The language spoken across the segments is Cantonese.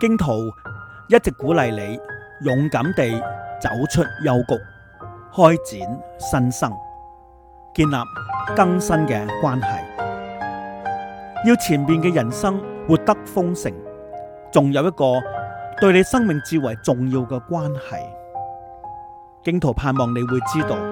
荊徒一直鼓勵你勇敢地走出幽谷，開展新生，建立更新嘅關係。要前面嘅人生活得豐盛，仲有一個對你生命至為重要嘅關係。荊徒盼望你會知道。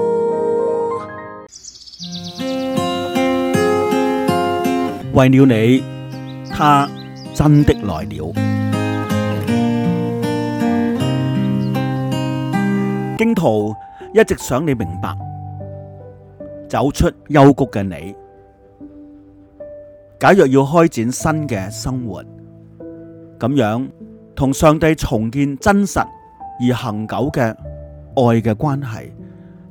為了你，祂真的來了。荊徒一直想你明白，走出幽谷嘅你，假若要開展新嘅生活，咁樣同上帝重建真實而恆久嘅愛嘅關係，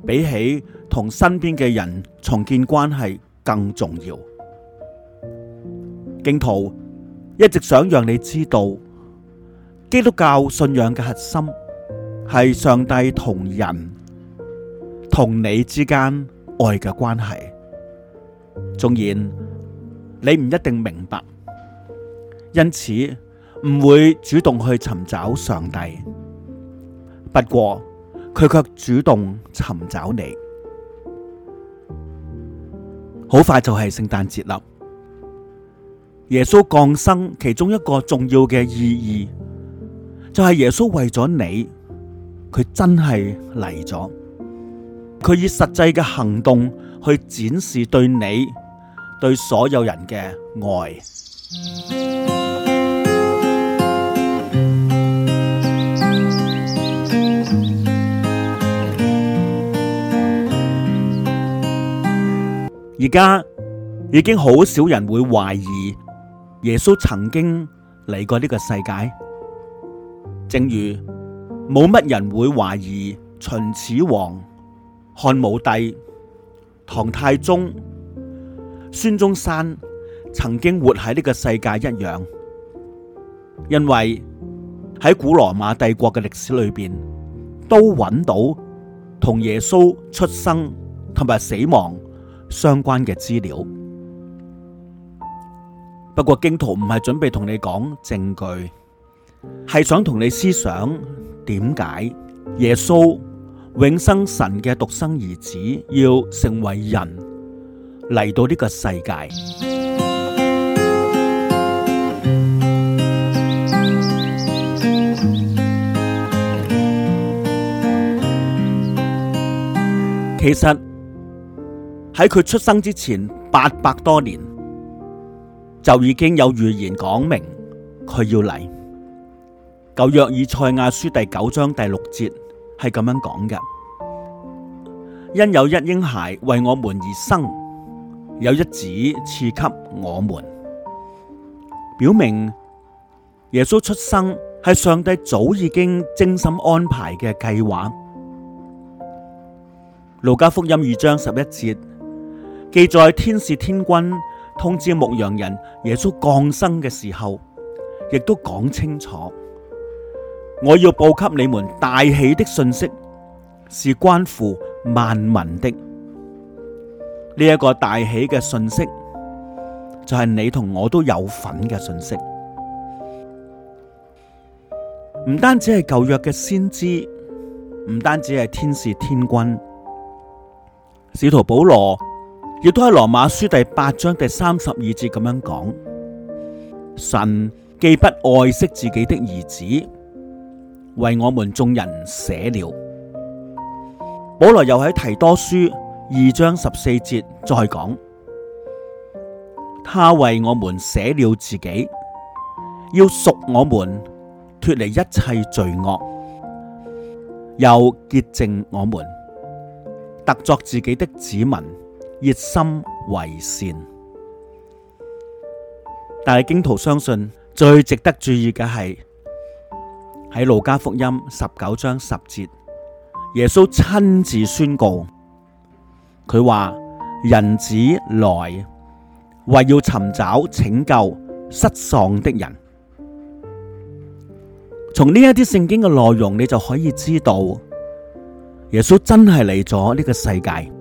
比起同身邊嘅人重建關係更重要。荊徒一直想讓你知道，基督教信仰嘅核心係上帝同人、同你之間愛嘅關係。縱然你唔一定明白，因此唔會主動去尋找上帝。不過佢卻主動尋找你。好快就係聖誕節啦。耶穌降生，其中一個重要嘅意義，就係耶穌為咗你，佢真係嚟咗，佢以實際嘅行動去展示對你、對所有人嘅愛。而家已經好少人會懷疑。耶穌曾經嚟過呢個世界，正如冇乜人會懷疑秦始皇、漢武帝、唐太宗、孫中山曾經活喺呢個世界一樣，因為喺古羅馬帝國嘅歷史裏邊都揾到同耶穌出生同埋死亡相關嘅資料。不過，荊徒唔係準備同你講證據，係想同你思想點解耶穌永生神嘅獨生兒子要成為人嚟到呢個世界。其實喺佢出生之前八百多年。就已經有預言講明佢要嚟。舊約以賽亞書第九章第六節係咁樣講嘅：「因有一嬰孩為我們而生，有一子賜給我們，表明耶穌出生係上帝早已經精心安排嘅計劃。路加福音二章十一節記載天使天軍，通知牧羊人，耶穌降生嘅時候，亦都講清楚，我要報給你們大喜的信息，是關乎萬民的。呢、這、一個大喜嘅信息，就係、是、你同我都有份嘅信息。唔單止係舊約嘅先知，唔單止係天使天君，使徒保羅。亦都喺羅馬書第八章第三十二節咁樣講，神既不愛惜自己的兒子，為我們眾人捨了。保羅又喺提多書二章十四節再講，他為我們捨了自己，要贖我們脫離一切罪惡，又潔淨我們，特作自己的子民。熱心為善，但係荊徒相信最值得注意嘅係喺路加福音十九章十節，耶穌親自宣告，佢話人子來為要尋找拯救失喪的人。從呢一啲聖經嘅內容，你就可以知道耶穌真係嚟咗呢個世界。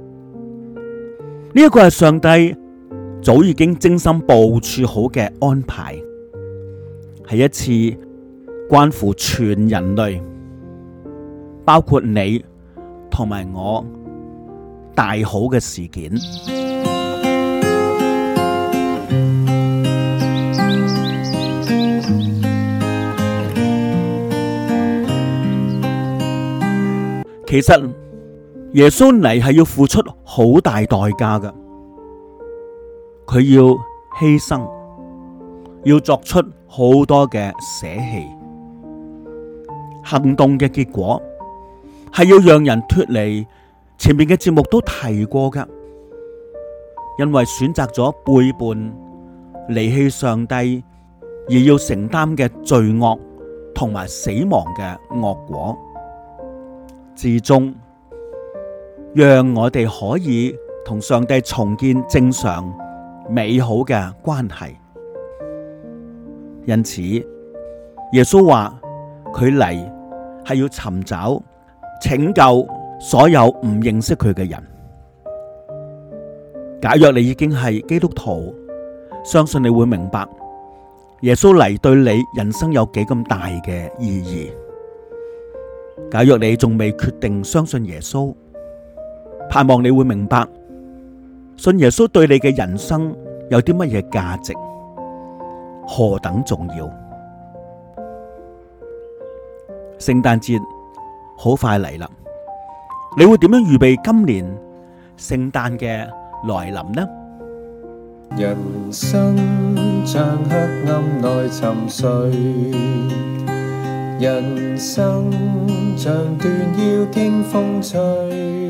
呢一個係上帝早已經精心部署好嘅安排，係一次關乎全人類，包括你同埋我大好嘅事件。其實。耶穌嚟，係要付出好大代價㗎，佢要犧牲，要作出好多嘅捨棄行動嘅結果，係要讓人脫離前面嘅節目都提過㗎，因為選擇咗背叛、離棄上帝而要承擔嘅罪惡同埋死亡嘅惡果，至終。讓我哋可以同上帝重建正常美好嘅關係。因此，耶穌話佢嚟係要尋找拯救所有唔認識佢嘅人。假若你已經係基督徒，相信你會明白耶穌嚟對你人生有幾咁大嘅意義。假若你仲未決定相信耶穌。盼望你會明白，信耶穌對你嘅人生有啲乜嘢價值，何等重要！聖誕節好快嚟啦，你會點樣預備今年聖誕嘅來臨呢？人生像黑暗內沉睡，人生像斷腰經風吹。